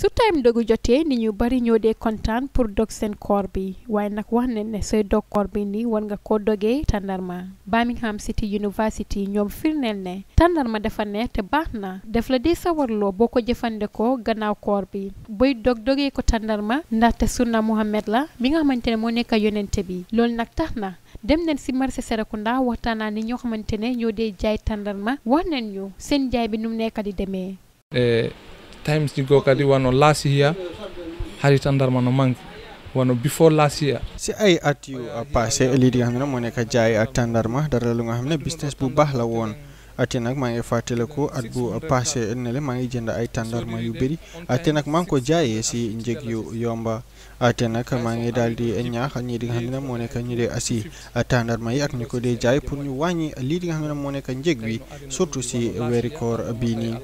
su time dogu jotee ni ñu bari ñoo dee kontaan pour dog seen koor bi waaye nag wax ne ne sooy dog koor bi ni war nga koo dogee tàndarma Birmingham City University ñoom neen ne tàndarma dafa neex te baax na def la dee sawarloo boo ko jëfandikoo gannaaw koor bi booy dog dogee ko tàndarma ndaxte sunna Muhammad la mi nga xamante ne moo nekk yonente bi loolu nag tax na dem nañ si marché waxtaan naa ni ñoo xamante ne ñoo dee jaay tàndarma wax nañ ñu seen jaay bi nu mu nekk di demee eh, times ɗi goo kadi wano last year hari tandarma no manque wano before last year si ay at yo passe e leydi ga hamne mone ka jaayi at tandarma darlalu ga hamne business bu la won ate nag maa ngi fàttale ko at bu passé ne maa ngi jënd ay tàndarma yu bëri ate nag maa ngi ko jaayee si njëg yu yomba ate nag maa ngi daal di ñaax ñii di xam ne moo nekk ñu dee asi tàndarma yi ak ñu ko dee jaay pour ñu wàññi lii di xam ne moo nekk njëg bi surtout si weeri koor bii nii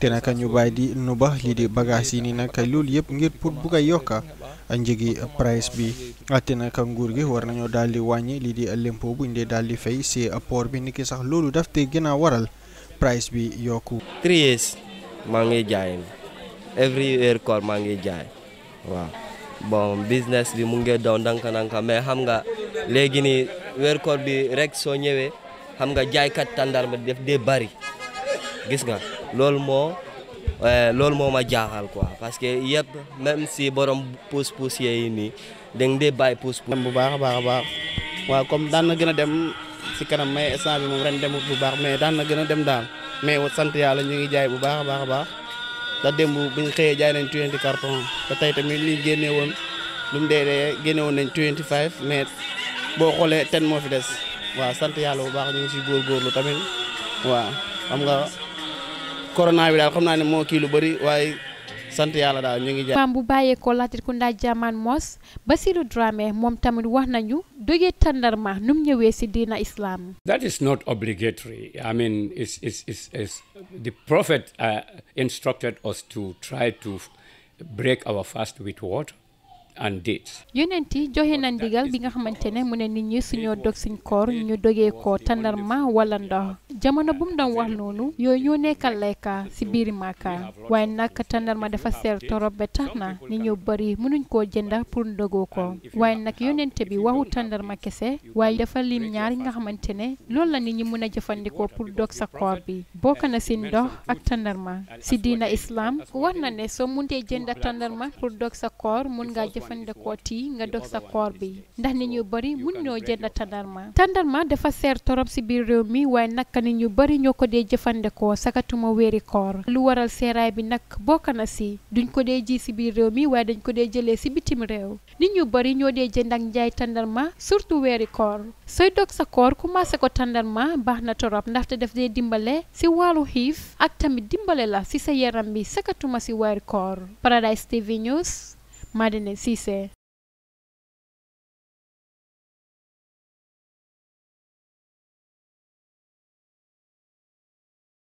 te nag ñu bàyyi di nu ba lii di bagage yi nii nag loolu yëpp ngir pour bugg a yokka a njëgi price bi àtte naka nguur gi war nañoo daal di wàññi lii di lempo buñ dee daal di fay si port bi niki sax loolu daf te gën a waral price bi yokku. three maa ngi jaay every year koor maa ngi jaay waaw bon business bi mu ngi doon ndànk ndànk mais xam nga léegi ni weer koor bi rek soo ñëwee xam nga jaaykat tàndarma def dee bari gis nga loolu moo. loolu moo ma jaaxal quoi parce que yëpp même si borom pousse pousse yi nii da nga dee bàyyi pousse pousse. bu baax a baax a baax waaw comme daan na gën a dem si kanam mais instant moom ren demut bu baax mais daan na gën a dem daal mais sant yàlla ñu ngi jaay bu baax a baax a baax da démb bu xëyee jaay nañ 20 carton te tey tamit li ñu génnee woon lu mu dee dee génne woon nañ 25 mais boo xoolee ten moo fi des waaw sant yàlla bu baax ñu ngi si góorgóorlu tamit waaw xam nga. corona bi dal xamna naa ne moo kii lu bari waye sante yalla dal ñu ngi. pam bu ku nda Jaman mos basilu Dramé mom tamit wax nañu doge tandarma num mu ci dina islam. that is not obligatory I mean it's it's it's the prophet uh, instructed us to try to break our fast with water. yonent yonenti joxe na ndigal bi nga xamantene ne mu ne nit ñi suñu dog suñ koor ñu dogee ko tandarma wala ndox. jamono bu mu doon wax noonu yooyu ñoo nekkal layka si biiri màkka waaye nag tàndarma dafa seer torop ba tax na ni ñu bëri mënuñ koo jënda pour ndogoo ko waaye nag yonente bi waxu tàndarma kese waaye dafa lim ñaari nga xamante ne loolu la nit ñi mën a jëfandikoo pour dog sa koor bi bokk na si ndox ak tàndarma si diina islam wax na ne soo mëntee jënda tàndarma pour dog sa koor mun ngaa jëfandikoo tii nga dog sa koor bi ndax nit ñu bëri mun ñoo biir réew mi waaye nag ñu bari ñoo ko dee jëfandikoo sakatuma weeri koor lu waral seeraay bi nag bokk na si duñ ko dee jii si biir réew mi waaye dañ ko dee jëlee si bitim réew nit ñu bari ñoo dee jënd ak njaay tàndarma surtout weeri koor sooy dog sa koor commencé ko tàndarma baax na torop ndaxte daf dee dimbale si wàllu xiif ak tamit dimbale la si sa yaram bi sakatuma si weeri koor Paradise TV News Madine